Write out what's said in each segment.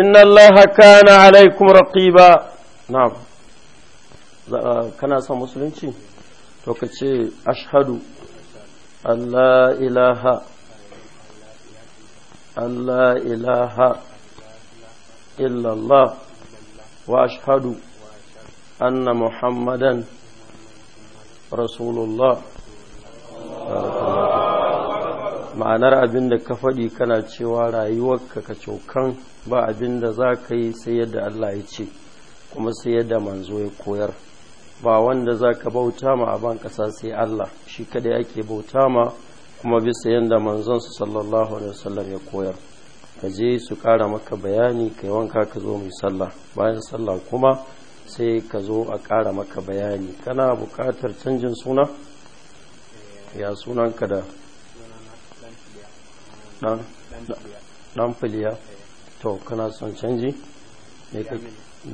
إن الله كان عليكم رقيبا نعم كان أصلا مسلم شيء توكتشي أشهد أن لا إله أن لا إله إلا الله وأشهد أن محمدا رسول الله ma'anar abin da ka faɗi kana cewa rayuwarka ka cokan ba abin da za ka yi sai yadda Allah ya ce kuma sai yadda manzo ya koyar ba wanda za ka bauta ma a ban ƙasa sai Allah shi kaɗai ake bauta ma kuma bisa yadda manzonsu sallallahu alaihi wasallam ya koyar ka je su ƙara maka bayani kai wanka ka zo mai sallah bayan sallah kuma sai ka zo a ƙara maka bayani kana bukatar canjin suna ya sunanka da ɗan filiya to kana son canji ne ka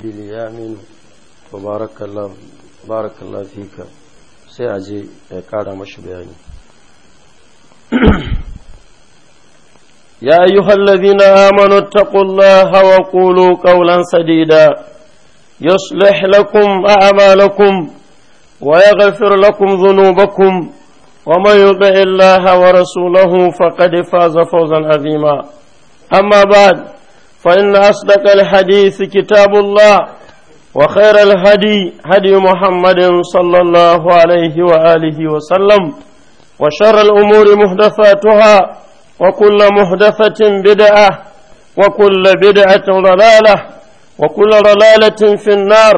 bili ya to barakan lafika sai a je ya kara mashi bayani ya yi hallabi na amonu takula hawa kulu kaulan sadida yos lehlekun a amalakun wa ya gafir lakun zuno bakun wa da illa hawa rasu lahun faƙadifa zafauzan azima amma ba فإن أصدق الحديث كتاب الله وخير الهدي هدي محمد صلى الله عليه وآله وسلم وشر الأمور محدثاتها وكل محدثة بدعة وكل بدعة ضلالة وكل ضلالة في النار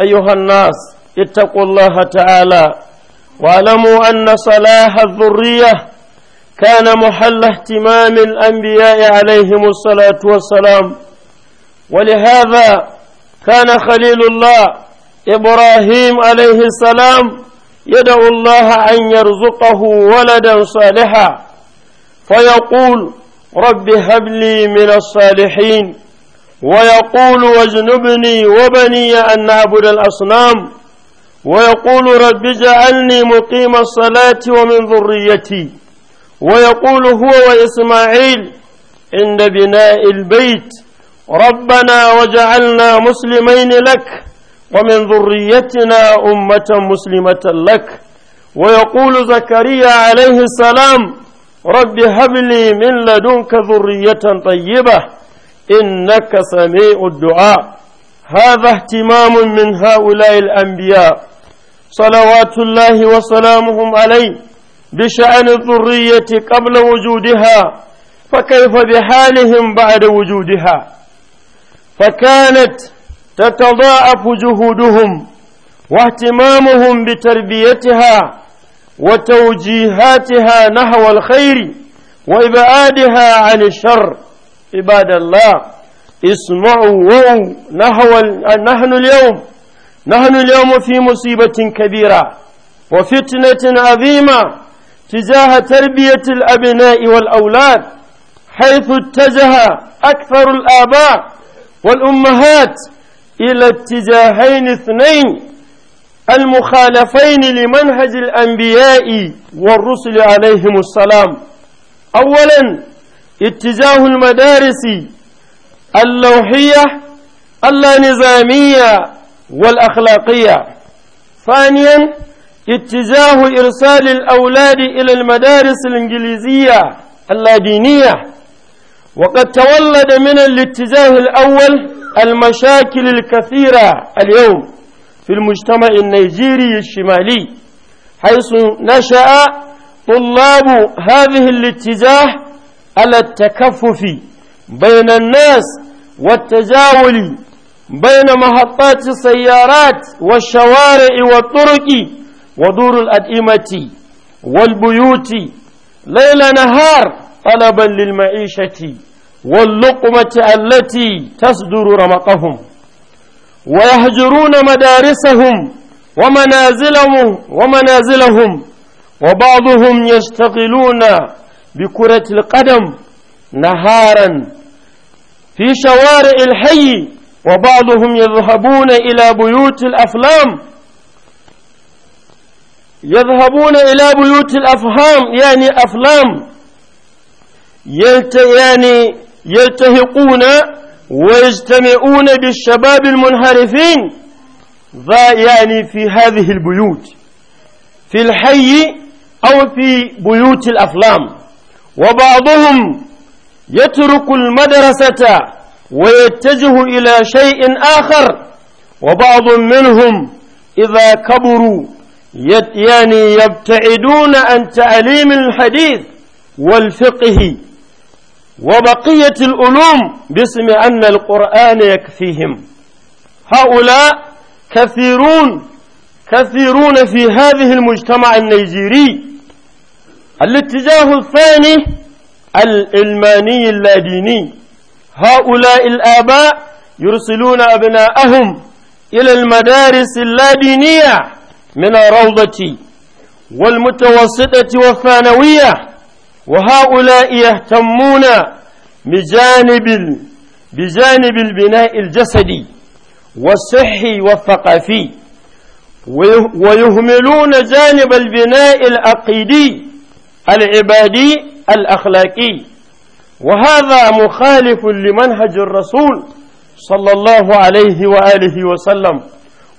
أيها الناس اتقوا الله تعالى واعلموا أن صلاح الذرية كان محل اهتمام الأنبياء عليهم الصلاة والسلام ولهذا كان خليل الله إبراهيم عليه السلام يدعو الله أن يرزقه ولدا صالحا فيقول رب هب لي من الصالحين ويقول واجنبني وبني أن نعبد الأصنام ويقول رب اجعلني مقيم الصلاة ومن ذريتي ويقول هو وإسماعيل عند بناء البيت ربنا وجعلنا مسلمين لك ومن ذريتنا أمة مسلمة لك ويقول زكريا عليه السلام رب هب لي من لدنك ذرية طيبة إنك سميع الدعاء هذا اهتمام من هؤلاء الأنبياء صلوات الله وسلامهم عليه بشأن الذرية قبل وجودها فكيف بحالهم بعد وجودها فكانت تتضاعف جهودهم واهتمامهم بتربيتها وتوجيهاتها نحو الخير وإبعادها عن الشر عباد الله اسمعوا وعوا نحو نحن اليوم نحن اليوم في مصيبة كبيرة وفتنة عظيمة تجاه تربية الأبناء والأولاد حيث اتجه أكثر الآباء والأمهات إلى اتجاهين اثنين المخالفين لمنهج الأنبياء والرسل عليهم السلام أولا اتجاه المدارس اللوحية اللانظامية والأخلاقية ثانيا اتجاه إرسال الأولاد إلى المدارس الإنجليزية اللادينية وقد تولد من الاتجاه الأول المشاكل الكثيرة اليوم في المجتمع النيجيري الشمالي حيث نشأ طلاب هذه الاتجاه على التكفف بين الناس والتجاول بين محطات السيارات والشوارع والطرق ودور الأدئمة والبيوت ليل نهار طلبا للمعيشة واللقمة التي تصدر رمقهم ويهجرون مدارسهم ومنازلهم ومنازلهم وبعضهم يشتغلون بكرة القدم نهارا في شوارع الحي وبعضهم يذهبون إلى بيوت الأفلام يذهبون إلى بيوت الأفهام يعني أفلام يلت يعني يلتهقون ويجتمعون بالشباب المنحرفين ذا يعني في هذه البيوت في الحي أو في بيوت الأفلام وبعضهم يترك المدرسة ويتجه إلى شيء آخر وبعض منهم إذا كبروا يعني يبتعدون عن تعليم الحديث والفقه وبقية العلوم باسم أن القرآن يكفيهم هؤلاء كثيرون كثيرون في هذه المجتمع النيجيري الاتجاه الثاني العلماني اللاديني هؤلاء الآباء يرسلون أبناءهم إلى المدارس اللادينية من الروضة والمتوسطة والثانوية وهؤلاء يهتمون بجانب بجانب البناء الجسدي والصحي والثقافي ويهملون جانب البناء العقيدي العبادي الأخلاقي وهذا مخالف لمنهج الرسول صلى الله عليه وآله وسلم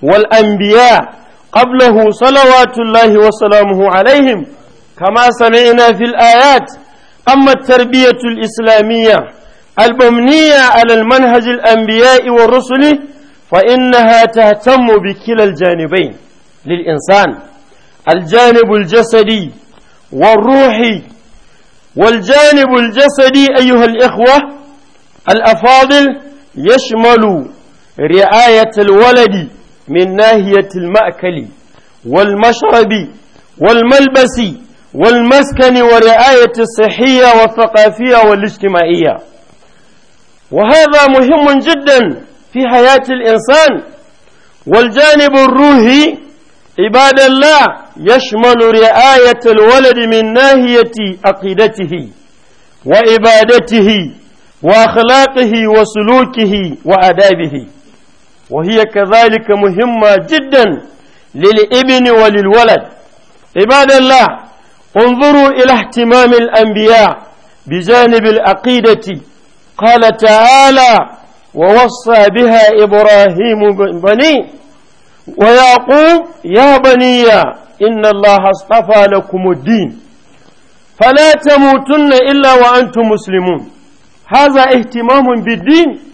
والأنبياء قبله صلوات الله وسلامه عليهم كما سمعنا في الآيات أما التربية الإسلامية المبنية على المنهج الأنبياء والرسل فإنها تهتم بكلا الجانبين للإنسان الجانب الجسدي والروحي والجانب الجسدي أيها الإخوة الأفاضل يشمل رعاية الولد من ناهية المأكل والمشرب والملبس والمسكن والرعاية الصحية والثقافية والاجتماعية وهذا مهم جدا في حياة الإنسان والجانب الروحي عباد الله يشمل رعاية الولد من ناهية عقيدته وعبادته وأخلاقه وسلوكه وآدابه وهي كذلك مهمة جدا للابن وللولد عباد الله انظروا إلى اهتمام الأنبياء بجانب العقيدة قال تعالى ووصى بها إبراهيم بني ويعقوب يا بني إن الله اصطفى لكم الدين فلا تموتن إلا وأنتم مسلمون هذا اهتمام بالدين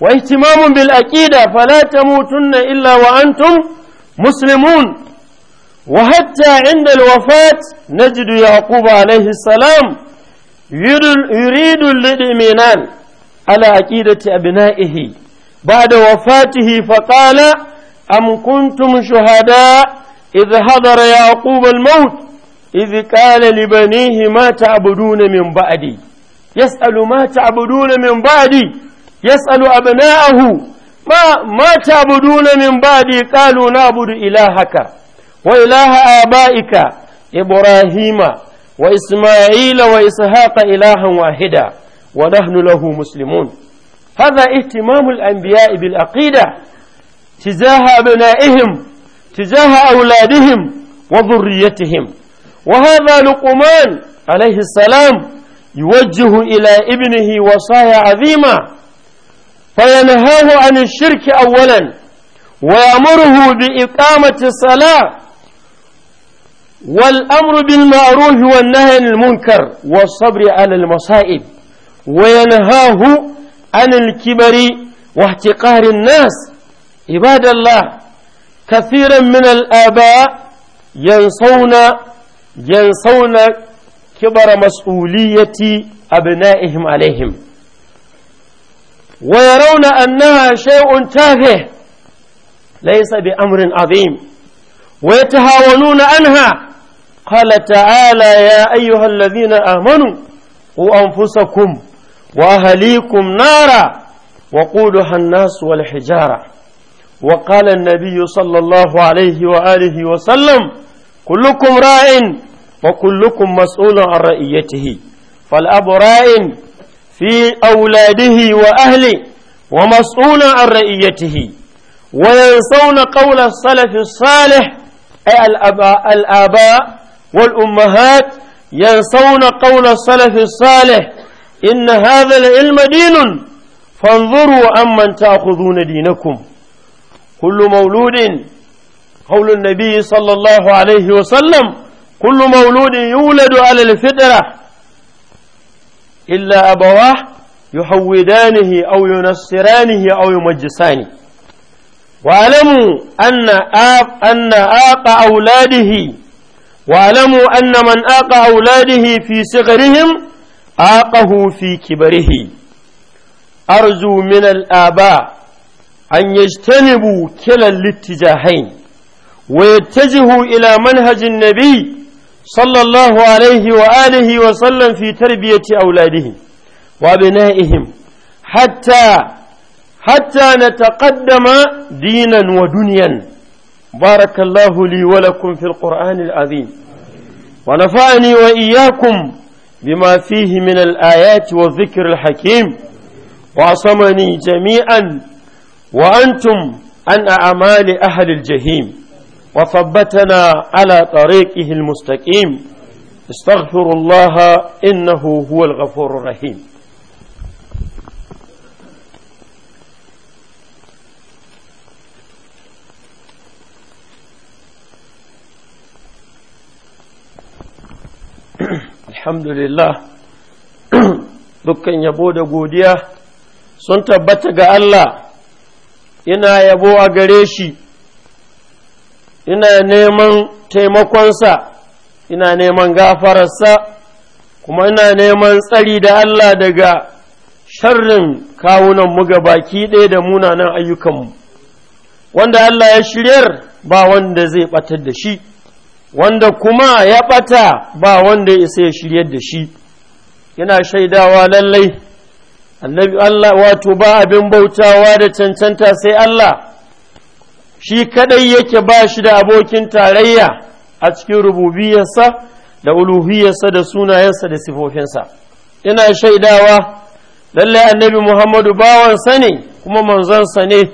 wa ihtimamun bil aqida fala tamutunna illa wa antum muslimun وحتى عند الوفاة نجد يعقوب عليه السلام يريد الإطمئنان على عقيدة أبنائه بعد وفاته فقال أم كنتم شهداء إذ حضر يعقوب الموت إذ قال لبنيه ما تعبدون من بعدي يسأل ما تعبدون من بعدي yasalu abna'ahu ma ma tabuduna min ba'di qalu ila haka wa ilaha aba'ika ibrahima wa isma'ila wa ishaqa ilahan wahida wa nahnu lahu muslimun hadha ihtimamu al-anbiya'i bil aqidah tijaha abna'ihim tijaha awladihim wa dhurriyyatihim wa hadha luqman alayhi salam yuwajjihu ila ibnihi wasaya 'azima فينهاه عن الشرك أولا ويأمره بإقامة الصلاة والأمر بالمعروف والنهي عن المنكر والصبر على المصائب وينهاه عن الكبر واحتقار الناس عباد الله كثيرا من الآباء ينصون ينصون كبر مسؤولية أبنائهم عليهم ويرون أنها شيء تافه ليس بأمر عظيم ويتهاونون عنها قال تعالى يا أيها الذين آمنوا قوا أنفسكم وأهليكم نارا وقودها الناس والحجارة وقال النبي صلى الله عليه وآله وسلم كلكم راع وكلكم مسؤول عن رئيته فالأب راع في أولاده وأهله ومسؤول عن رئيته وينسون قول السلف الصالح أي الأباء, الآباء والأمهات ينسون قول السلف الصالح إن هذا العلم دين فانظروا أمن تأخذون دينكم كل مولود قول النبي صلى الله عليه وسلم كل مولود يولد على الفطره illa abawah yuhawwidanihi aw yunassiranihi aw yumajjisani واعلموا أن آق أن آق أولاده واعلموا أن من آق أولاده في صغرهم آقه في كبره أرجو من الآباء أن يجتنبوا كلا الاتجاهين ويتجهوا إلى منهج النبي صلى الله عليه وآله وسلم في تربية أولاده وأبنائهم حتى حتى نتقدم دينا ودنيا بارك الله لي ولكم في القرآن العظيم ونفعني وإياكم بما فيه من الآيات والذكر الحكيم وعصمني جميعا وأنتم عن أعمال أهل الجحيم وثبتنا على طريقه المستقيم استغفر الله إنه هو الغفور الرحيم alhamdulillah dukkan yabo da godiya sun tabbata ga Allah ina yabo a gare shi ina neman taimakonsa ina neman gafararsa kuma ina neman tsari da Allah daga sharrin kawunanmu ga baki ɗaya da munanan ayyukanmu wanda Allah ya shiryar ba wanda zai ɓatar da shi wanda kuma ya ɓata ba wanda isa ya shiryar da shi yana shaidawa lallai Allah wato ba abin bautawa da cancanta sai Allah shi kadai yake ba shi da abokin tarayya a cikin rububiyarsa da uluhiyarsa da sunayensa da sifofinsa ina shaidawa lallai annabi muhammadu bawansa ne kuma manzansa ne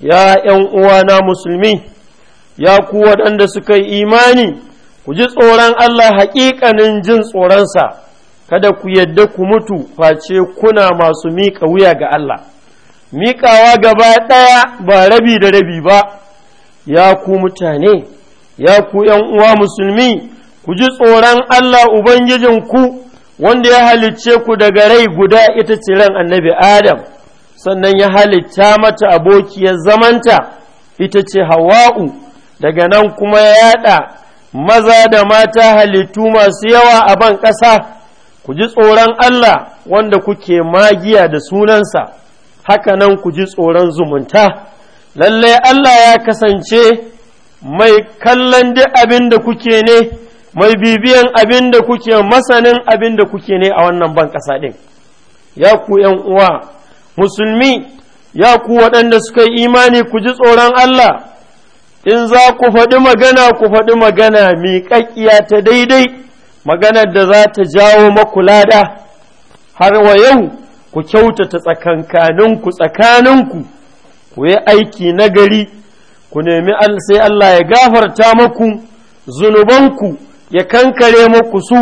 ya ’yan uwana musulmi ya ku waɗanda suka yi imani ku ji tsoron Allah haƙiƙanin jin tsoronsa kada ku yadda ku mutu face kuna masu miƙa wuya ga Allah miƙawa gaba ɗaya ba rabi da rabi ba ya ku mutane ya ku uwa musulmi ku ji tsoron Allah Ubangijinku wanda ya halicce ku daga rai guda ita ce ran annabi Adam sannan ya halitta mata abokiyar zamanta ita ce Hawa'u daga nan kuma ya yada maza da mata halittu masu yawa a ban ƙasa ku ji tsoron Allah wanda kuke magiya da sunansa haka nan ku ji tsoron zumunta lallai Allah ya kasance mai kallon duk abin da kuke ne mai bibiyan abin da kuke masanin abin da kuke ne a wannan ban ƙasa ɗin ya ku uwa musulmi ya ku waɗanda suka yi imani ku ji tsoron Allah in za ku faɗi magana ku faɗi magana miƙaƙƙiya ta daidai maganar da za ta jawo makulada har wa yau ku kyautata tsakankaninku tsakaninku ku yi aiki nagari ku nemi sai Allah ya gafarta muku zunubanku ya kankare maku su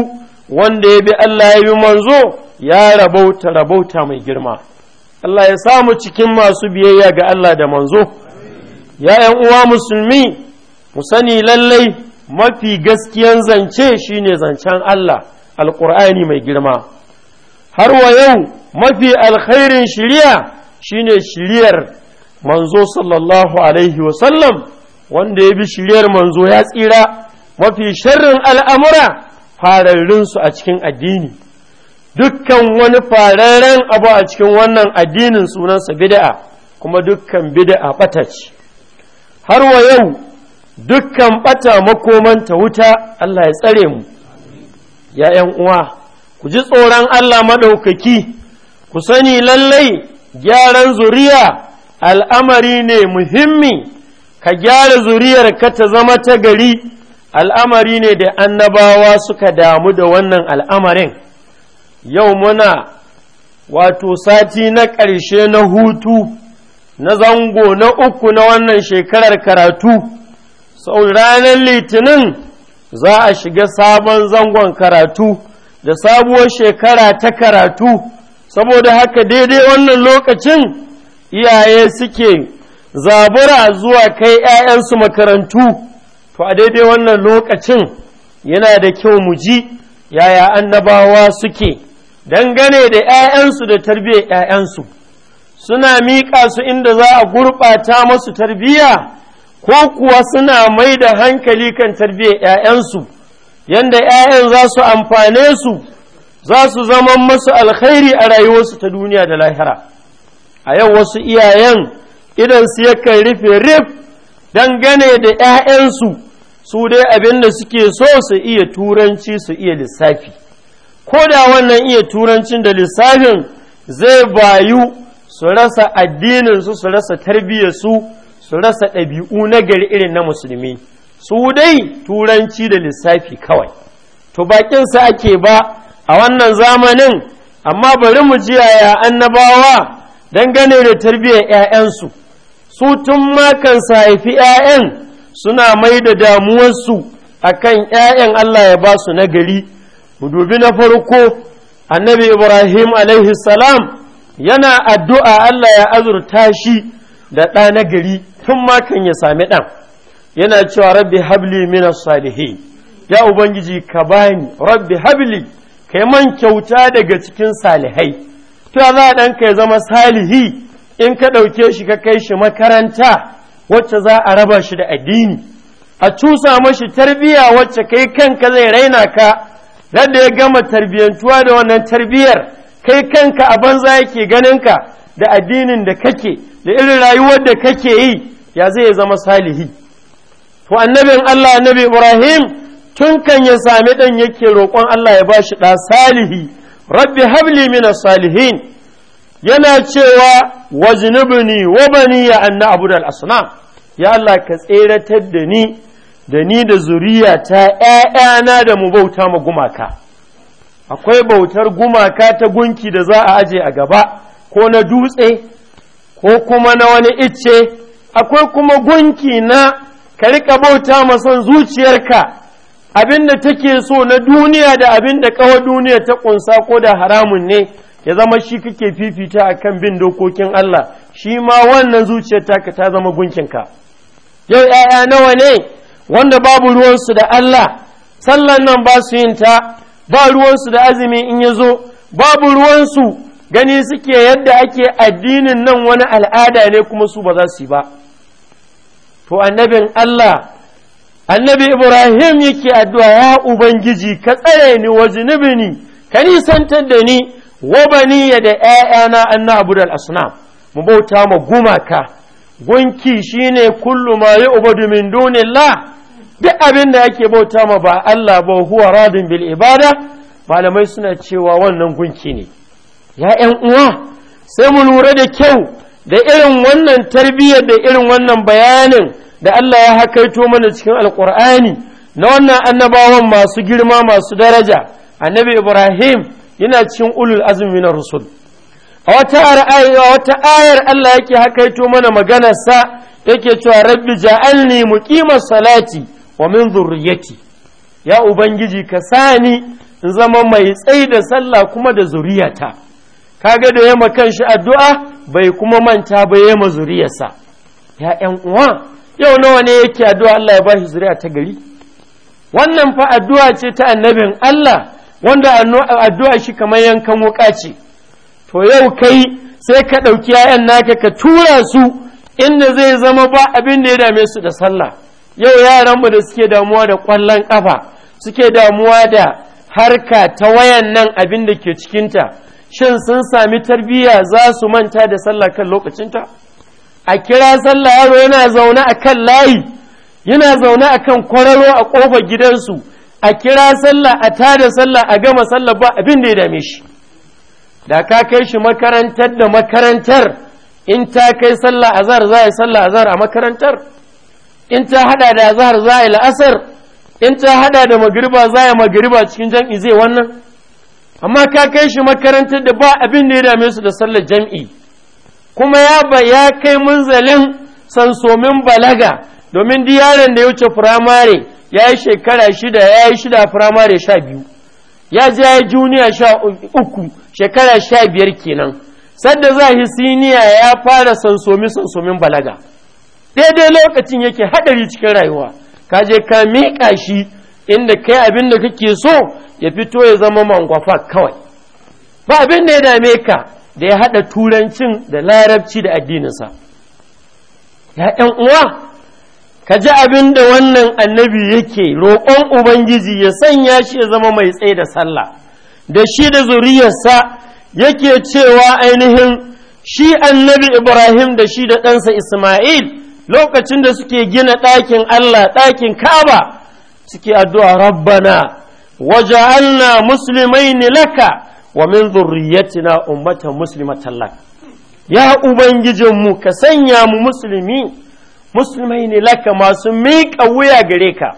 wanda ya bi Allah ya bi manzo ya rabauta rabauta mai girma Allah ya samu cikin masu biyayya ga Allah da manzo ya ‘yan uwa musulmi mu sani lallai mafi gaskiyan zance shine zancen Allah alƙur'ani mai girma har wa yau mafi alkhairin shiriya shine shiryar manzo sallallahu alaihi wasallam wanda ya bi shiryar manzo ya tsira mafi sharrin al'amura fararrinsu a cikin addini dukkan wani fararen abu a cikin wannan addinin sunansa bida'a, kuma dukkan bid'a ɓata ce har wa yau dukkan ɓata makomanta wuta Allah ya tsare mu ya uwa ku ji tsoron Allah maɗaukaki ku sani lallai gyaran zuriya al'amari ne muhimmi ka gyara zuriyar ka ta zama ta gari al'amari ne da annabawa suka damu da wannan al'amarin yau muna wato sati na ƙarshe na hutu na zango na uku na wannan shekarar karatu sau ranar litinin za a shiga sabon zangon karatu da sabuwar shekara ta karatu saboda haka daidai wannan lokacin iyaye suke zabura zuwa kai 'ya'yansu makarantu to a daidai wannan lokacin yana da kyau mu ji yaya annabawa suke dangane da 'ya'yansu da tarbiyyar 'ya'yansu suna miƙa su inda za a gurɓata masu tarbiyya ko kuwa suna mai da hankali kan tarbiyyar 'ya'yansu yanda 'ya'yan za su amfane su za su zama masu alkhairi a rayuwarsu ta duniya da lahira a yau wasu iyayen idan su yakan rufe rif dangane da 'ya'yansu su dai abin da suke so su iya turanci su iya lissafi ko da wannan iya turancin da lissafin zai bayu su rasa addininsu su rasa tarbiyyarsu su rasa ɗabi'u na gari irin na musulmi su dai turanci da lissafi kawai to bakinsa ake ba a wannan zamanin amma bari mu ji yaya annabawa dangane da tarbiyyar 'ya'yansu su tun makan haifi 'ya'yan suna mai da damuwarsu a kan 'ya'yan Allah ya ba su nagari mu dubi na farko annabi ibrahim salam yana addu'a Allah ya azurta shi da ɗa nagari tun makan ya sami ɗan yana cewa rabbi habli minas salihin ya ubangiji ka bani rabbi habli kai man kyauta daga cikin salihai to ya za ɗanka ya zama salihi in ka ɗauke shi ka kai shi makaranta wacce za a raba shi da addini a cusa mashi tarbiyya wacce kai kanka zai raina ka da ya gama tarbiyyantuwa da wannan tarbiyyar kai kanka a banza yake ganinka da addinin da kake da irin rayuwar da kake yi ya zai zama salihi to annabin Allah annabi Ibrahim tun kan ya sami ɗan yake roƙon Allah ya ba shi ɗa salihi rabbi habli mina salihin yana cewa wajnubni wa bani ya anna abudal asnam ya Allah ka tseratar da ni da ni da zuriya ta ‘ya'yana da mu bauta ma gumaka akwai bautar gumaka ta gunki da za a aje a gaba ko na dutse ko kuma na wani icce akwai kuma gunki na ka riƙa bauta ma son zuciyarka abin da take so na duniya da abin da kawo duniya ta kunsa ko da haramun ne ya zama shi kake fifita a kan bin dokokin Allah shi ma wannan zuciyar taka ta zama gunkinka yau ‘ya'ya nawa ne wanda babu ruwansu da Allah sallan nan ba su yin ta ba ruwansu da azumi in ya zo babu ruwansu gani suke yadda ake addinin nan wani al'ada ne kuma su ba za su yi ba to annabin Allah annabi ibrahim yake addu'a ya ubangiji ka tsare ni wa zunubini ka nisantar da ni wa bani da ‘ya'yana anna abu da mu bauta ma gumaka gunki shine kullu ma yi min dunillah duk abin da ake bauta ma ba Allah ba huwa radin bil ibada malamai suna cewa wannan gunki ne ya ‘yan uwa sai mu lura da kyau da irin wannan tarbiyyar da irin wannan bayanin da Allah ya hakaito mana cikin alkur'ani na wannan annabawan masu girma masu daraja annabi ibrahim yana cikin ulul azumi na rusul a wata ayar Allah yake hakaito mana maganarsa yake cewa rabbi ja'alni muqima salati wa min zurriyyati ya ubangiji ka sani in zama mai tsayi da sallah kuma da zuriyata kaga da yama kanshi addu'a bai kuma manta ba yamma zuriyarsa ya ƴan uwa yau nawa ne yake addu'a Allah ya ba shi zuri'a ta gari wannan fa addu'a ce ta annabin Allah wanda addu'a shi kamar yankan wuka ce to yau kai sai ka ɗauki ‘ya'yan naka ka tura su inda zai zama ba abin da ya dame su da sallah yau yaran mu da suke damuwa da kwallon ƙafa suke damuwa da harka ta wayan nan abin da ke cikinta shin sun sami tarbiyya za su manta da sallah kan lokacinta? a kira sallah yaro yana zaune a kan layi yana zaune a kan kwararo a ƙofar gidansu a kira sallah a tada sallah a gama sallah ba abin da ya dame shi da ka kai shi makarantar da makarantar in ta kai sallah azhar za a yi sallah azhar a makarantar in ta hada da azhar za a yi la'asar in ta hada da magriba za a yi magriba cikin jam'i zai wannan amma ka kai shi makarantar da ba abin da ya dame su da sallar jam'i kuma ya kai munzalin sansomin balaga domin yaron da ya wuce firamare ya yi shekara shida ya yi shida firamare sha biyu ya je ya yi juniya sha uku shekara sha biyar kenan sadda za yi siniya ya fara sansomi sansomin balaga daidai lokacin yake haɗari cikin rayuwa ka je ka miƙa shi inda kai abin da kake so ya fito ya zama mangwafa kawai ba abin da ya dame ka da ya haɗa turancin da larabci da addininsa ya uwa ka ji abin da wannan annabi yake roƙon ubangiji ya sanya shi ya zama mai tsaye da sallah da shi da zuriyarsa yake cewa ainihin shi annabi ibrahim da shi da ɗansa isma'il lokacin da suke gina ɗakin allah ɗakin kaba suke addu'a rabbana allah musulmai ni laka wa min zurriyatina ummatan muslimatan lak ya mu ka sanya mu musulmi musulmai ne laka masu miƙa wuya gare ka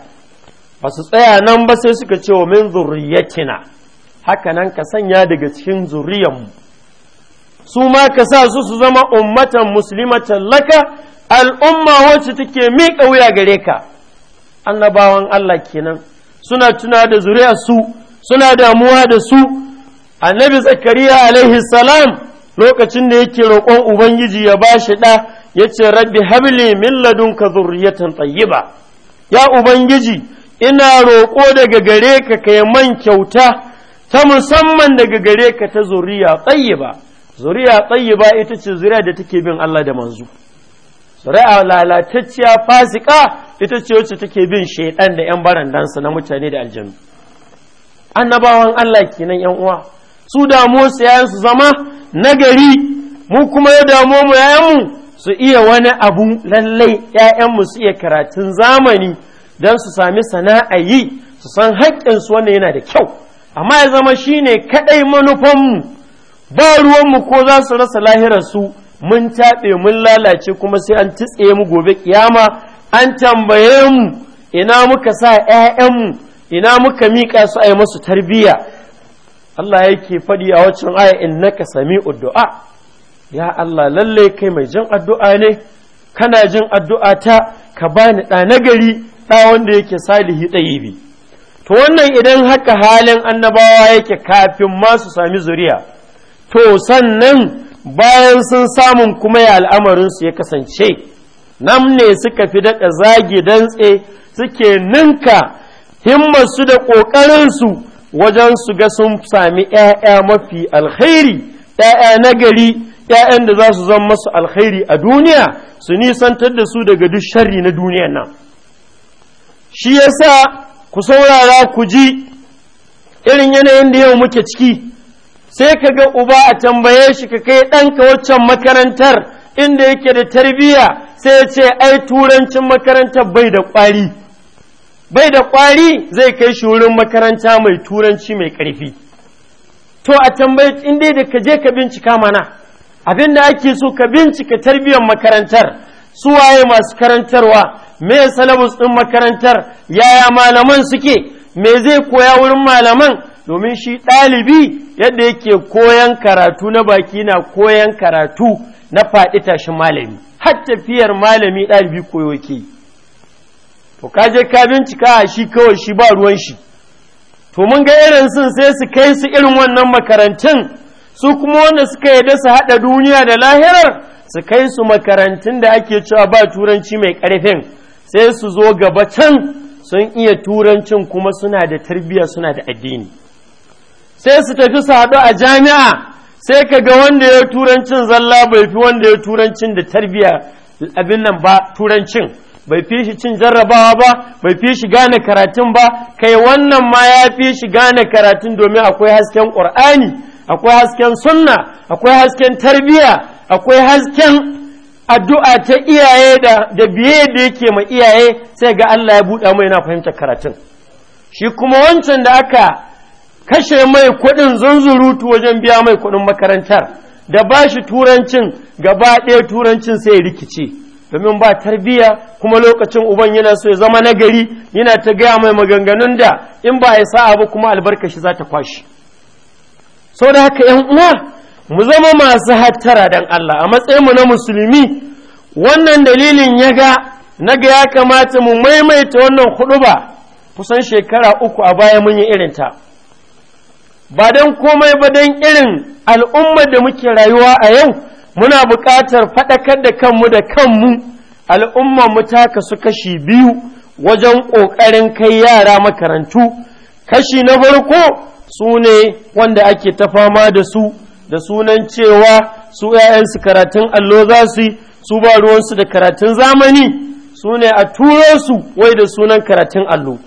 ba su tsaya nan ba sai suka ce wa min zurriyatina haka nan ka sanya daga cikin mu, su ma ka sa su su zama ummatan muslimatan laka al'umma wacce take miƙa wuya gare ka annabawan Allah kenan suna tuna da su, suna damuwa da su annabi zakariya alaihi salam lokacin da yake roƙon ubangiji ya ba shi ɗa ya ce rabbi habli min ladunka zurriyatan tayyiba ya ubangiji ina roƙo daga gare ka kai man kyauta ta musamman daga gare ka ta zuriya tayyiba zuriya tayyiba ita ce zuriya da take bin Allah da manzo zuriya lalatacciya fasika ita ce wacce take bin shaidan da yan barandansa na mutane da aljanu annabawan Allah kenan yan uwa su damuwar su yayan su zama nagari mu kuma ya damuwa mu su iya wani abu lallai ‘ya'yanmu su iya karatun zamani don su sami sana'a yi su san haƙƙinsu wannan yana da kyau amma ya zama shi ne kaɗai manufanmu ba ruwanmu ko za su rasa lahirarsu mun taɓe mun lalace kuma sai an titse mu gobe kiyama an tambaye mu ina muka sa ‘ya'yanmu ina muka miƙa su a yi masu tarbiyya Allah yake faɗi a waccan aya innaka sami addu'a. ya Allah lalle kai mai jin addu'a ne kana jin addu'a ta ka bani ɗa nagari ɗa wanda yake salihi ɗayibi to wannan idan haka halin annabawa yake kafin masu sami zuriya to sannan bayan sun samun kuma ya al'amarinsu ya kasance nan ne suka fi daɗa zage dantse suke ninka himmarsu da ƙoƙarinsu wajen su ga sun sami ‘ya'ya mafi alkhairi ‘ya'ya nagari ‘ya'yan da za su zan masu alkhairi a duniya su nisantar da su daga duk shari na duniya. nan shi sa ku saurara ku ji irin yanayin da yau muke ciki sai ka ga uba a tambaye shi ka kai ɗanka waccan makarantar inda yake da tarbiyya sai ya ce ai turancin makarantar bai da ƙwari bai da ƙwari zai kai shi wurin makaranta mai turanci mai ƙarfi to a tambayi in dai da ka je ka bincika mana abin da ake so ka bincika tarbiyyar makarantar su waye masu karantarwa me salabus ɗin makarantar yaya malaman suke me zai koya wurin malaman domin shi ɗalibi yadda yake koyan karatu na baki na koyan karatu na faɗi tashin malami har tafiyar malami ɗalibi koyo ke? yi to ka je ka bincika a shi kawai shi ba ruwan shi to mun ga irin sun sai su kai su irin wannan makarantun su kuma wanda suka yarda su haɗa duniya da lahirar su kai su makarantun da ake cewa ba turanci mai ƙarfin sai su zo gaba can sun iya turancin kuma suna da tarbiyya suna da addini sai su tafi su haɗu a jami'a sai ka ga wanda ya turancin zalla bai fi wanda ya turancin da tarbiyya abin nan ba turancin bai fi shi cin jarrabawa ba bai fi shi gane karatun ba kai wannan ma ya fi shi gane karatun domin akwai hasken ƙur'ani akwai hasken sunna akwai hasken tarbiyya akwai hasken addu'a ta iyaye da biye da yake ma iyaye sai ga Allah ya buɗa mai na fahimtar karatun shi kuma wancan da aka kashe mai kuɗin zunzurutu wajen biya mai kuɗin makarantar da ba shi turancin gaba ɗaya turancin sai rikici domin ba tarbiyya kuma lokacin uban yana so ya zama nagari yana ta gaya mai maganganun da in ba a ya sa'a ba kuma albarkashi za ta kwashi sau da haka yan uwa mu zama masu hattara don Allah a matsayin mu na musulmi wannan dalilin ya ga naga ya kamata mu maimaita wannan ba, kusan shekara uku a baya mun yi irin ta. ba don komai ba don irin al'ummar da muke rayuwa a yau muna buƙatar faɗakar da kanmu da kanmu mu ta kasu kashi biyu wajen ƙoƙarin kai yara makarantu kashi na farko su ne wanda ake ta fama da su da sunan cewa su ‘ya'yansu karatun allo za su yi su ba ruwansu da karatun zamani su ne a turo su wai da sunan karatun allo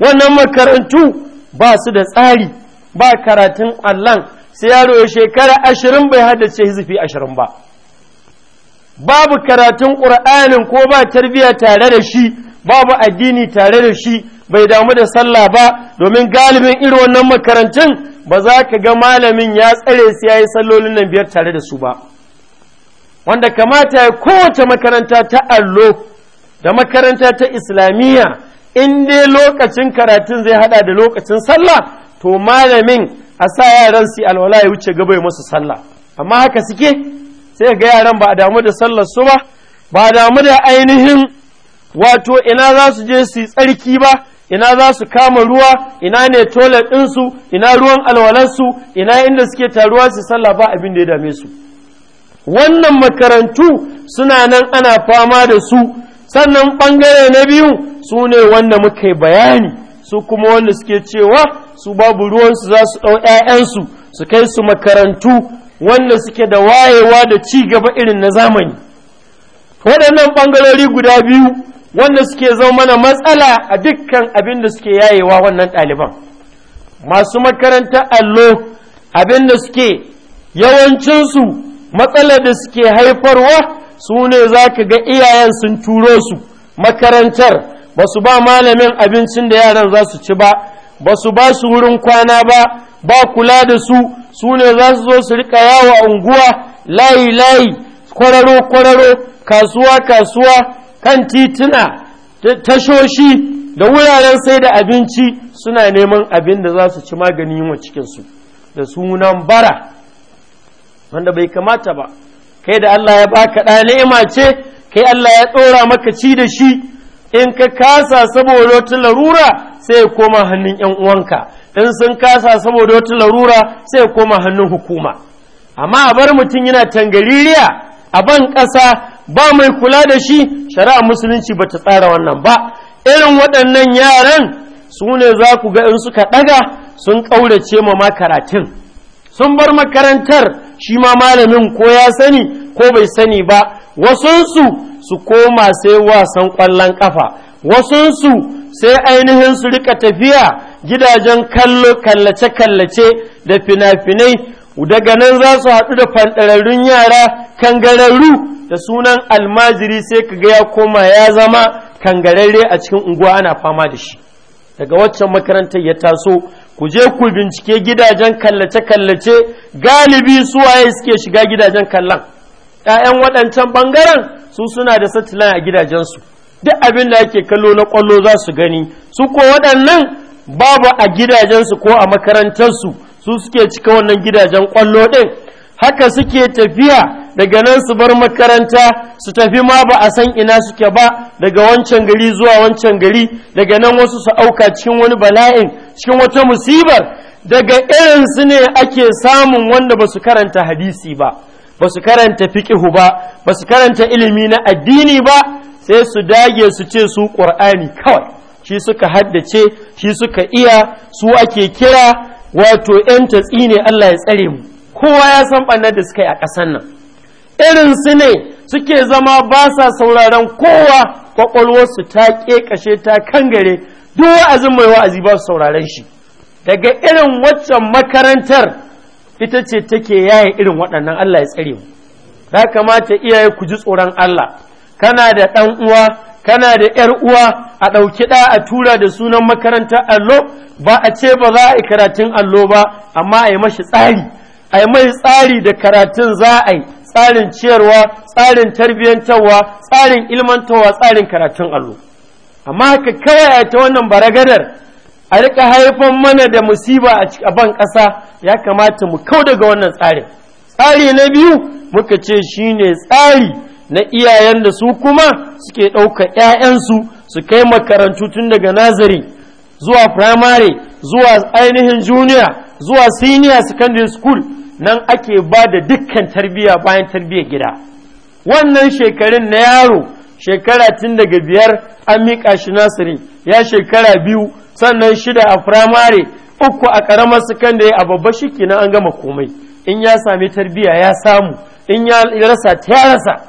wannan makarantu ba su da tsari ba karatun allon sai yaro ya shekara ashirin bai haddace hizifi ashirin ba babu karatun ƙur'anin ko ba tarbiyya tare da shi babu addini tare da shi bai damu da sallah ba domin galibin irin wannan makarantun ba za ka ga malamin ya tsare su ya yi sallolin nan biyar tare da su ba wanda kamata ya kowace makaranta ta allo da makaranta ta islamiyya in dai lokacin karatun zai hada da lokacin sallah to malamin a sa yaran su alwala ya wuce gaba ya musu sallah amma haka suke sai ga yaran ba a damu da sallar su ba ba a damu da ainihin wato ina za su je su tsarki ba ina za su kama ruwa ina ne toilet ɗinsu ina ruwan su ina inda suke taruwa su sallah ba abin da ya dame su wannan makarantu suna nan ana fama da su sannan ɓangare na biyu su ne wanda muka yi bayani su kuma wanda suke cewa su babu ruwansu za su ɗau ‘ya'yansu su kai su makarantu wanda suke da wayewa da ci gaba irin na zamani waɗannan ɓangarori guda biyu wanda suke zama mana matsala a dukkan abin da suke yayewa wannan ɗaliban masu makarantar allo abin da suke yawancinsu matsalar da suke haifarwa su ne za ka ga iyayen sun turo su makarantar ba su ba malamin abincin da yaran za su ci ba ba su ba su wurin kwana ba ba kula da su su ne za su zo su rika yawo a unguwa layi layi kwararo kwararo kasuwa kasuwa kan tituna tashoshi da wuraren sai da abinci suna neman abin da za su ci magani wa cikinsu da sunan bara wanda bai kamata ba kai da Allah ya baka ɗa ni'ima ce kai Allah ya ɗora maka ci da shi in ka kasa saboda wata larura sai koma hannun yan uwanka in sun kasa saboda wata larura sai koma hannun hukuma amma a bar mutum yana tangaririya a ban ƙasa ba mai kula da shi shari'a musulunci ba ta tsara wannan ba irin waɗannan yaran su ne za ku ga in suka ɗaga sun ƙaurace ma makaratun sun bar makarantar shi ma malamin ko ya sani ko bai sani ba wasunsu su koma sai wasan ƙwallon ƙafa wasunsu sai ainihin su rika tafiya gidajen kallo kallace-kallace da fina-finai daga nan za su haɗu da fanɗararrun yara kangararru da sunan almajiri sai ka ga ya koma ya zama kangararre a cikin unguwa ana fama da shi daga waccan makarantar ya taso ku je ku bincike gidajen kallace-kallace galibi suwaye suke shiga gidajen kallon 'ya'yan waɗancan ɓangaren su suna da satellite a gidajensu duk abin da ake kallo na kwallo za su gani su ko waɗannan babu a gidajensu ko a makarantarsu su suke cika wannan gidajen kwallo ɗin haka suke tafiya daga nan su bar makaranta su tafi ma ba a san ina suke ba daga wancan gari zuwa wancan gari daga nan wasu su auka cikin wani bala'in cikin wata musibar daga irin su ne ake samun wanda ba su karanta hadisi ba ba su karanta fiƙihu ba ba su karanta ilimi na addini ba sai su dage su ce su ƙur'ani kawai shi suka haddace shi suka iya su ake kira wato 'yan tatsi ne Allah ya tsare mu kowa ya san ɓannar da suka yi a ƙasan nan irin su ne suke zama ba sa sauraron kowa ƙwaƙwalwarsu ta ƙeƙashe ta kangare duk wa'azin mai wa'azi ba su sauraron shi daga irin waccan makarantar ita ce take yaye irin waɗannan Allah ya tsare mu ya kamata iyaye ku ji tsoron Allah kana da ɗan uwa kana da ƴar uwa a ɗauki ɗa a tura da sunan makarantar allo ba a ce ba za a yi karatun allo ba amma a yi mashi tsari a yi mai tsari da karatun za a yi tsarin ciyarwa tsarin tarbiyyantarwa tsarin ilmantarwa tsarin karatun allo amma haka kawai a ta wannan baragadar a rika haifan mana da musiba a ban ƙasa ya kamata mu kau daga wannan tsarin tsari na biyu muka ce shine tsari na iyayen da su kuma suke ɗauka 'ya'yansu su kai makarantu tun daga nazari zuwa firamare zuwa ainihin juniya zuwa senior secondary school nan ake ba da dukkan tarbiyya bayan tarbiyyar gida wannan shekarun na yaro shekara tun daga biyar an miƙa shi nasiri ya shekara biyu sannan shida a firamare uku a ƙaramar sakandare a babba shiki na an gama komai in ya sami tarbiyya ya samu in ya rasa ta ya rasa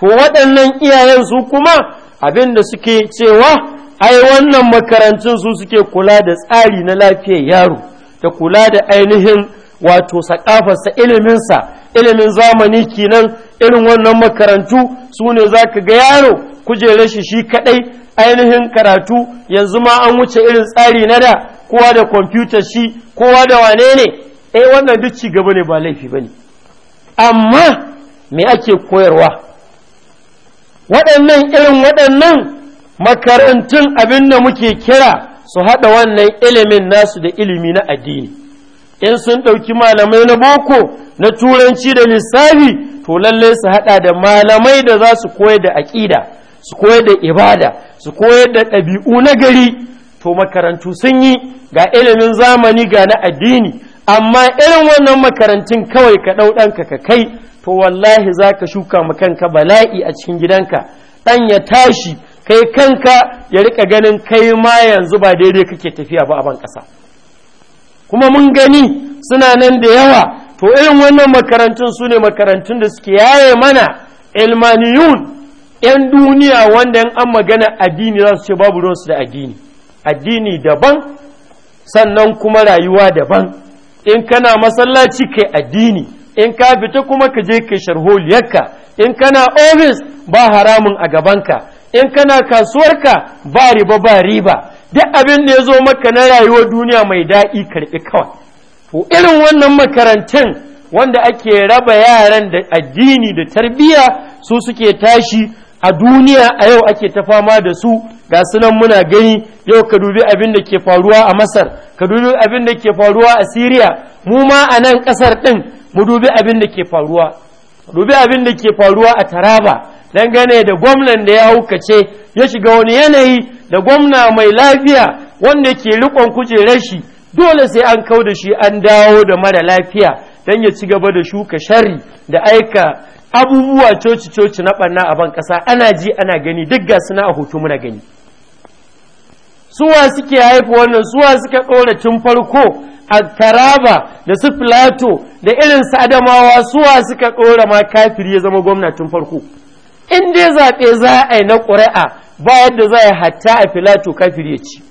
to waɗannan iyayen su kuma abin da suke cewa ai wannan makarantun su suke kula da tsari na lafiyar yaro da kula da ainihin wato sakafarsa iliminsa ilimin zamani kenan irin wannan makarantu su ne za ka ga yaro kujerar shi shi kaɗai? ainihin karatu yanzu ma an wuce irin tsari na da kowa da kwamfuta shi kowa da wane ne eh wannan duk ci gaba ne ba laifi ba ne amma me ake koyarwa waɗannan irin waɗannan makarantun abin da muke kira su haɗa wannan ilimin nasu da ilimi na addini in sun ɗauki malamai na boko na turanci da lissafi to lallai su haɗa da malamai da za su koyar da aƙida su koyar da ibada su koyar da ɗabi'u na gari to makarantu sun yi ga ilimin zamani ga na addini amma irin wannan makarantun kawai ka ɗau ɗanka ka kai to wallahi za ka shuka ma bala'i a cikin gidanka ɗan ya tashi kai kanka ya riƙa ganin kai ma yanzu ba daidai kake tafiya ba a ban ƙasa kuma mun gani suna nan da yawa to irin wannan makarantun su ne makarantun da suke yaye mana ilmaniyun 'yan duniya wanda yan an magana addini za su ce babu ruwansu da addini addini daban sannan kuma rayuwa daban in kana masallaci kai addini in ka fita kuma ka je kai sharholiyarka in kana ofis ba haramun a gabanka in kana kasuwarka ba riba ba riba duk abin da ya zo maka na rayuwar duniya mai daɗi karɓi kawai to irin wannan makarantun wanda ake raba yaran da addini da tarbiyya su suke tashi a duniya a yau ake ta fama da su ga sunan muna gani yau ka dubi abin da ke faruwa a masar ka dubi abin da ke faruwa a siriya mu ma a nan ƙasar ɗin mu dubi abin da ke faruwa dubi abin da ke faruwa a taraba dangane da gwamnan da ya haukace ya shiga wani yanayi da gwamna mai lafiya wanda ke riƙon kujerar shi dole sai an kau da shi an dawo da mara lafiya don ya ci gaba da shuka shari da aika abubuwa coci coci na ɓanna a ban ƙasa ana ji ana gani duk ga suna a hoto muna gani suwa suke haifu wannan suwa suka ɗora tun farko a taraba da su filato da irin su adamawa suwa suka ɗora ma kafiri ya zama gwamna tun farko in dai zaɓe za a yi na ƙuri'a ba yadda za a yi hatta a filato kafiri ya ci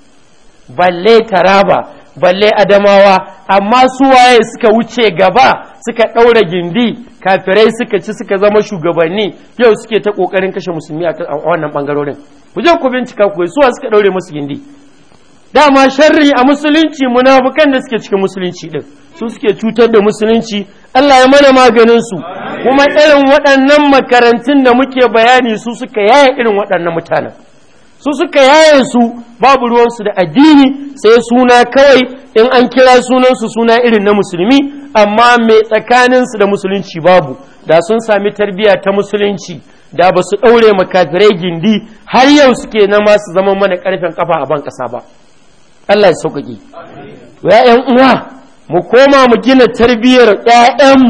balle taraba balle adamawa amma su waye suka wuce gaba suka ɗaura gindi kafirai suka ci suka zama shugabanni yau suke ta kokarin kashe musulmi a wannan bangarorin ku je ku bincika ku suwa suka daure musu gindi dama sharri a musulunci munafukan da suke cikin musulunci din su suke cutar da musulunci Allah ya mana maganin su kuma irin waɗannan makarantun da muke bayani su suka yaya irin waɗannan mutanen su suka yaye su babu ruwansu da addini sai suna kawai in an kira sunansu suna irin na musulmi amma mai tsakaninsu da musulunci babu da sun sami tarbiyya ta musulunci da ba su ɗaure makafirai gindi har yau suke na masu zaman mana ƙarfin kafa a ban ƙasa ba Allah ya sauƙaƙe ya'yan uwa mu koma mu gina tarbiyyar ƴaƴan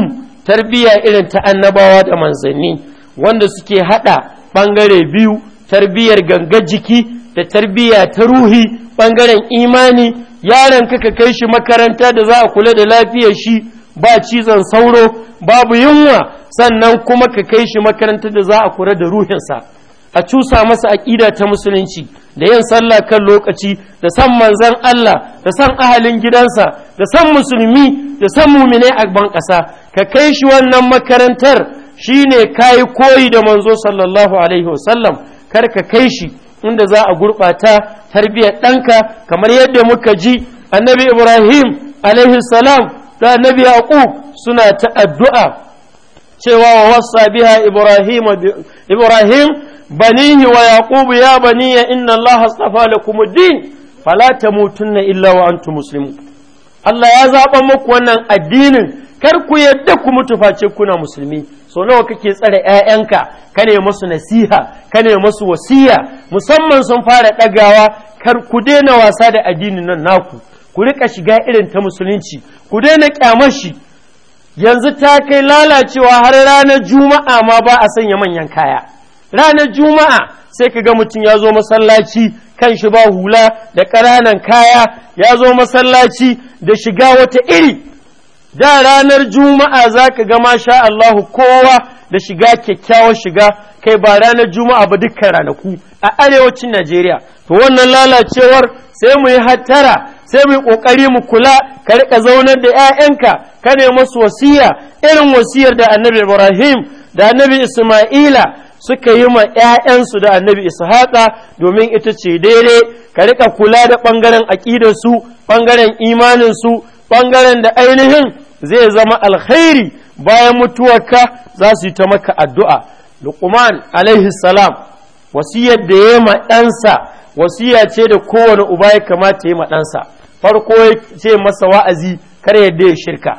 tarbiyya irin ta annabawa da manzanni wanda suke haɗa ɓangare biyu tarbiyyar ganga jiki da tarbiyya ta ruhi ɓangaren imani yaron ka kai shi makaranta da za a kula da lafiyar shi ba cizon sauro babu yunwa sannan kuma ka kai shi makaranta da za a kula da ruhinsa a cusa masa aƙida ta musulunci da yin sallah kan lokaci da san manzan Allah da san ahalin gidansa da san musulmi da san mumine a ban ƙasa ka kai shi wannan makarantar shine kayi koyi da manzo sallallahu alaihi wasallam kar ka kai shi inda za a gurɓata tarbiyyar ɗanka kamar yadda muka ji annabi ibrahim alaihi salam da annabi yaqub suna ta addu'a cewa wa wasa biha ibrahim ibrahim banihi wa yaqub ya baniya inna allah astafa lakum din fala tamutunna illa wa antum muslimun Allah ya zaɓa muku wannan addinin kar ku yadda ku mutu face kuna musulmi so nawa kake tsare ƴaƴanka ka ne musu nasiha ka ne musu wasiya musamman sun fara ɗagawa kar ku daina wasa da addinin nan naku ku rika shiga irin ta musulunci ku daina kyamar shi yanzu ta kai lalacewa har ranar juma'a ma ba a sanya manyan kaya ranar juma'a sai ka ga mutum ya zo masallaci kan shi ba hula da ƙananan kaya ya zo masallaci da shiga wata iri da ranar juma'a za ka ga masha Allahu kowa da shiga kyakkyawar shiga kai ba ranar juma'a ba dukkan ranaku a arewacin Najeriya to wannan lalacewar sai mu yi hattara sai mu yi ƙoƙari mu kula ka riƙa zaunar da 'ya'yanka ka ne masu wasiya irin wasiyar da annabi Ibrahim da annabi Isma'ila suka yi ma 'ya'yansu da annabi ishaqa domin ita ce daidai ka riƙa kula da ɓangaren aƙidarsu ɓangaren imaninsu ɓangaren da ainihin zai zama alkhairi bayan mutuwarka za su yi ta maka addu'a luqman alaihi salam wasiyar da ya ma ɗansa wasiya ce da kowane uba ya kamata ya ma ɗansa farko ya ce masa wa'azi kar yadda ya shirka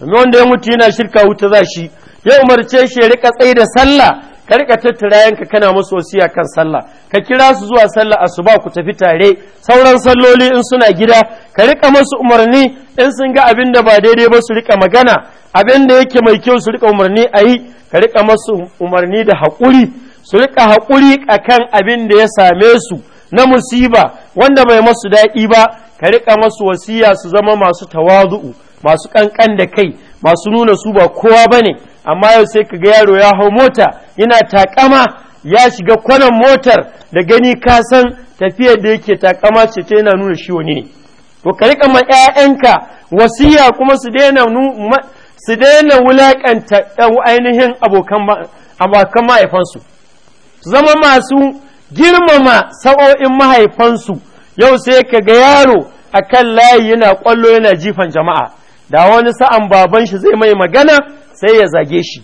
domin wanda ya mutu yana shirka wuta za shi ya umarce shi ya rika tsaye da sallah ka rika tattara yanka kana musu wasiya kan sallah ka kira su zuwa sallah asuba ku tafi tare sauran salloli in suna gida ka rika musu umarni in sun ga abin da ba daidai ba su rika magana abin da yake mai kyau su rika umarni a yi ka rika musu umarni da haƙuri su rika haƙuri a kan abin da ya same su na musiba wanda bai masu daɗi ba ka rika musu wasiya su zama masu tawazu'u masu ƙanƙan da kai masu nuna su ba kowa ba ne amma yau sai ka ga yaro ya hau mota yana takama ya shiga kwanan motar da gani ka san tafiyar da yake takama ce ta yana nuna shi wani ne to ka riƙa ma 'ya'yanka wasiya kuma su daina su daina ainihin abokan mahaifansu zama masu girmama sa'o'in mahaifansu yau sai ka ga yaro a kan layi yana ƙwallo yana jifan jama'a da wani sa'an baban shi zai mai magana sai ya zage shi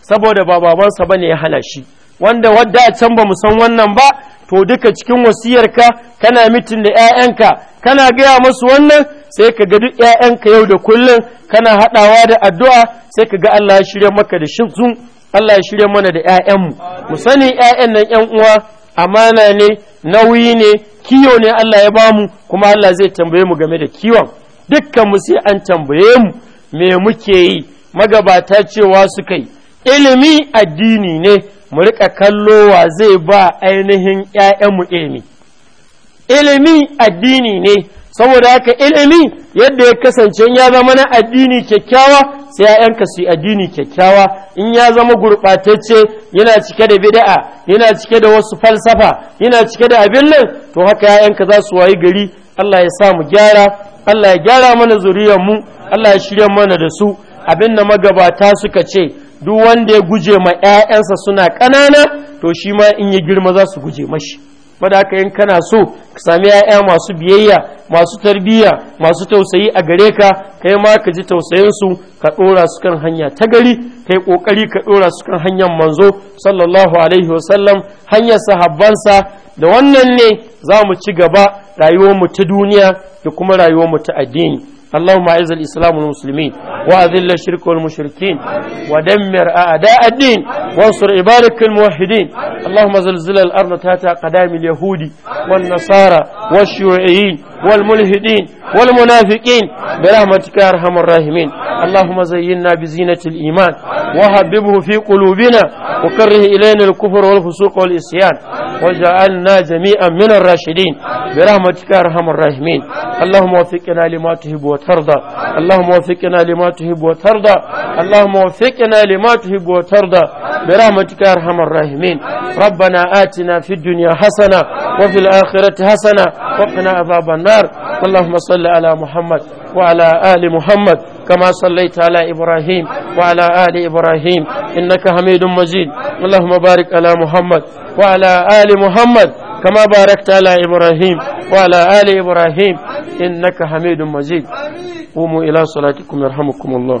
saboda ba babansa ba ne ya hana shi wanda wadda a can ba san wannan ba to duka cikin wasiyarka kana mitin da 'ya'yanka kana gaya masu wannan sai ka ga duk 'ya'yanka yau da kullum kana haɗawa da addu'a sai ka ga Allah ya shirya maka da Allah ya shirya mana da 'ya'yanmu mu sani 'ya'yan nan 'yan uwa amana ne nauyi ne kiyo ne Allah ya bamu kuma Allah zai tambaye mu game da kiwon dukkan mu sai an tambaye mu me muke yi magabata cewa suka yi ilimi addini ne mu rika kallo wa zai ba ainihin mu ilimi ilimi addini ne saboda haka ilimi yadda ya kasance ya zama na addini kyakkyawa sai ‘ya'yanka su addini kyakkyawa in ya zama gurɓatacce yana cike da bida'a yana cike da wasu falsafa yana cike da abin nan to haka ‘ya'yanka za su wayi gari Allah ya sa mu gyara Allah ya gyara mana zuriyar mu Allah ya shirya mana da su abin da magabata suka ce duk wanda ya guje ma 'ya'yansa suna ƙanana to shi ma in ya girma za su guje mashi aka yin kana so ka sami ya'ya masu biyayya masu tarbiyya masu tausayi a gare ka kai ma ka ji tausayin su ka ɗora su kan hanya ta gari kai ƙoƙari ka ɗora su kan hanyar manzo sallallahu alaihi wasallam hanyar sahabbansa da wannan ne za mu ci gaba rayuwarmu ta duniya da kuma rayuwarmu ta addini اللهم اعز الاسلام والمسلمين واذل الشرك والمشركين ودمر اعداء الدين وانصر عبادك الموحدين اللهم زلزل الارض تحت قدام اليهود والنصارى والشيوعيين والملحدين والمنافقين برحمتك أرحم الراحمين اللهم زينا بزينة الإيمان وحببه في قلوبنا وكره إلينا الكفر والفسوق والإسيان وجعلنا جميعا من الراشدين برحمتك أرحم الراحمين اللهم وفقنا لما تحب وترضى اللهم وفقنا لما تحب وترضى اللهم وفقنا لما تحب وترضى برحمتك أرحم الراحمين ربنا آتنا في الدنيا حسنة وفي الآخرة حسنة وقنا عذاب النار اللهم صل على محمد وعلى آل محمد كما صليت على إبراهيم وعلى آل إبراهيم إنك حميد مجيد اللهم بارك على محمد وعلى آل محمد كما باركت على إبراهيم وعلى آل إبراهيم إنك حميد مجيد قوموا إلى صلاتكم يرحمكم الله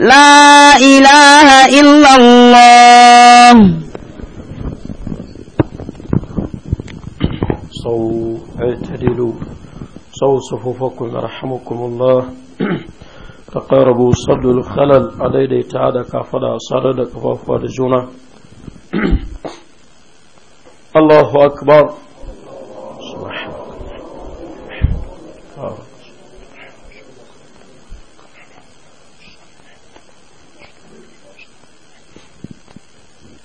لا إله إلا الله صو اعتدلوا صو صفوفكم يرحمكم الله تقاربوا صدوا الخلل عليه تعالى كفدا صدد كفوف الجنة الله أكبر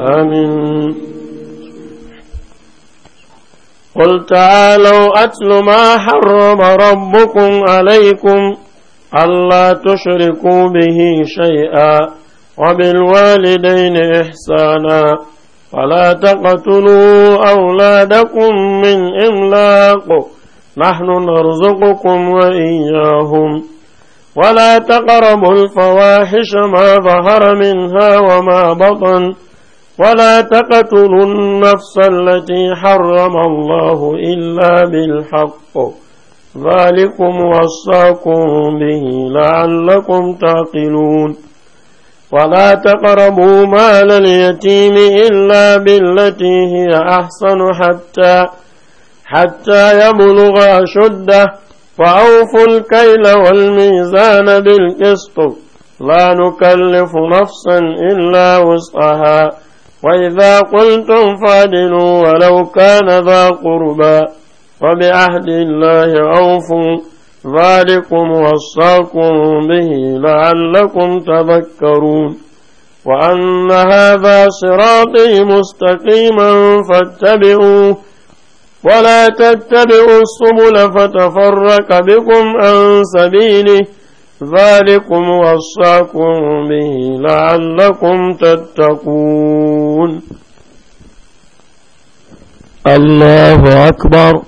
آمين قل تعالوا أتل ما حرم ربكم عليكم ألا تشركوا به شيئا وبالوالدين إحسانا ولا تقتلوا أولادكم من إملاق نحن نرزقكم وإياهم ولا تقربوا الفواحش ما ظهر منها وما بطن ولا تقتلوا النفس التي حرم الله إلا بالحق ذلكم وصاكم به لعلكم تعقلون ولا تقربوا مال اليتيم إلا بالتي هي أحسن حتى حتى يبلغ أشده فأوفوا الكيل والميزان بالقسط لا نكلف نفسا إلا وسعها وإذا قلتم فادلوا ولو كان ذا قربى وبعهد الله أوفوا ذلكم وصاكم به لعلكم تذكرون وأن هذا صراطي مستقيما فاتبعوه ولا تتبعوا السبل فتفرق بكم عن سبيله ذلكم وصاكم به لعلكم تتقون الله أكبر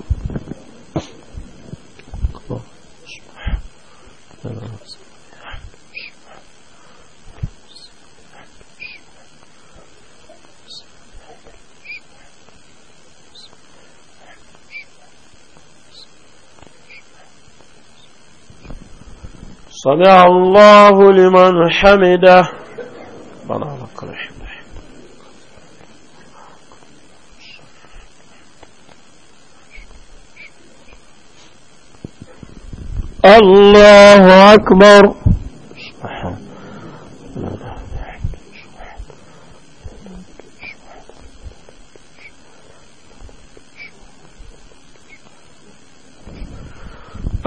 صنع الله لمن حمده بنا لك الحمد الله أكبر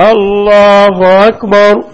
الله أكبر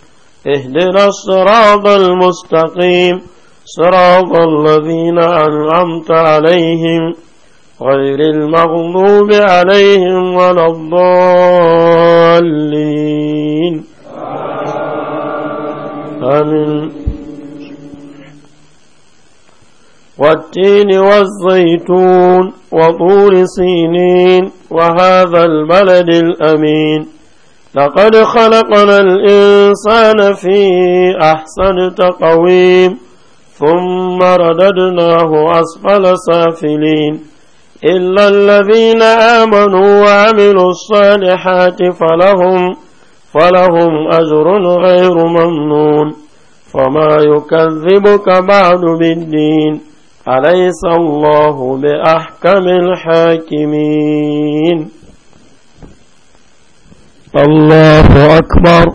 اهدنا الصراط المستقيم صراط الذين أنعمت عليهم غير المغضوب عليهم ولا الضالين آمين والتين والزيتون وطور سينين وهذا البلد الأمين لقد خلقنا الإنسان في أحسن تقويم ثم رددناه أسفل سافلين إلا الذين آمنوا وعملوا الصالحات فلهم فلهم أجر غير ممنون فما يكذبك بعد بالدين أليس الله بأحكم الحاكمين الله أكبر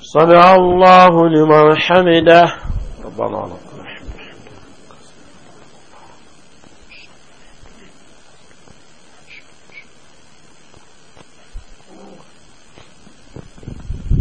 صدع الله لمن حمده ربنا الله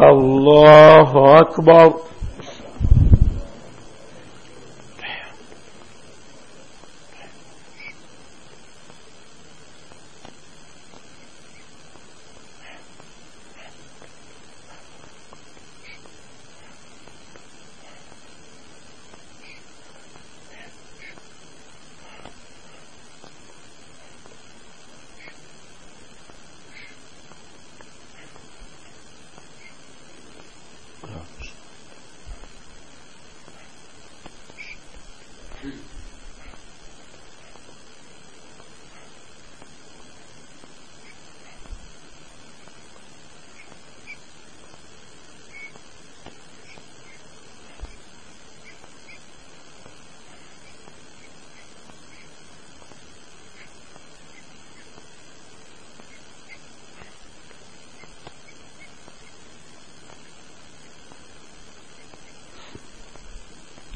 الله أكبر